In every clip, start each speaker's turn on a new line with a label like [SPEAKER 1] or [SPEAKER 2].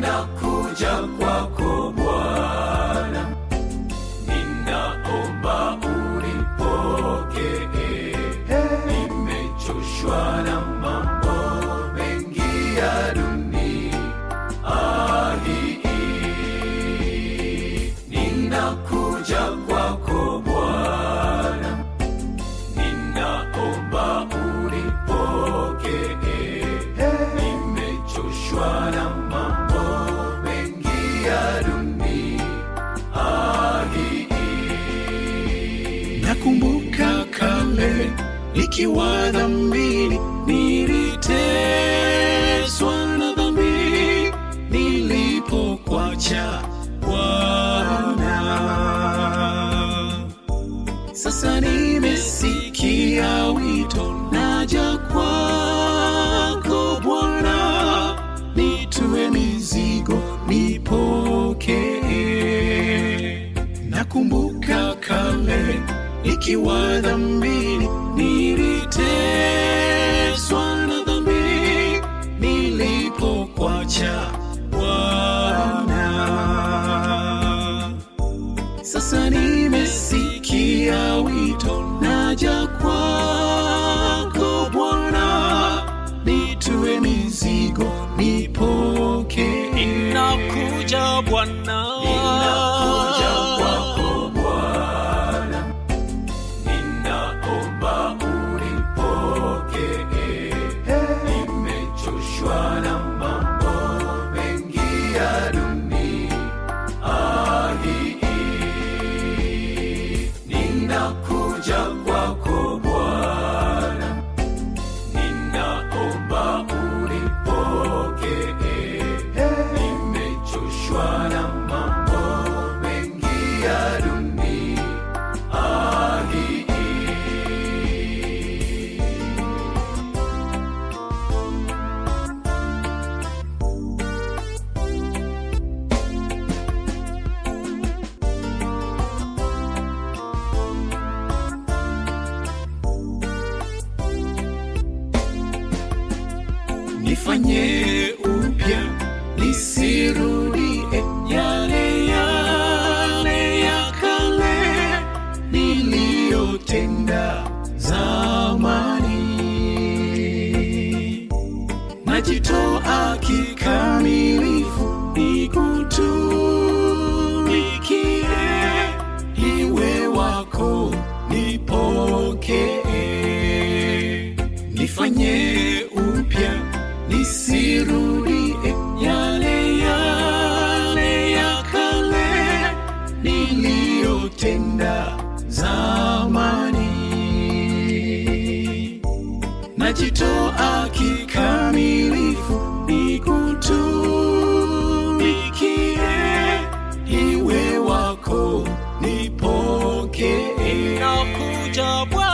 [SPEAKER 1] ninakuja kwako Nimefika kale nikiwa dhambini, niliteswa na dhambi nilipokwacha Bwana. Sasa nimesikia wito nikiwa dhambini, niliteswa na dhambi nilipokwacha Bwana. Sasa nimesikia wito, naja kwako Bwana, nitue mizigo, nipokee. Nakuja Bwana. nifanye upya nisirudie yale yale ya kale niliyotenda zamani. Najitoa kikamilifu nikutumikie, iwe wako nipokee, nifanye upya nisirudi eh, yale yale ya kale niliyotenda zamani. Najitoa kikamilifu nikutumikie, iwe wako nipokee. Nakuja Bwana.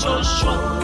[SPEAKER 1] Joshua.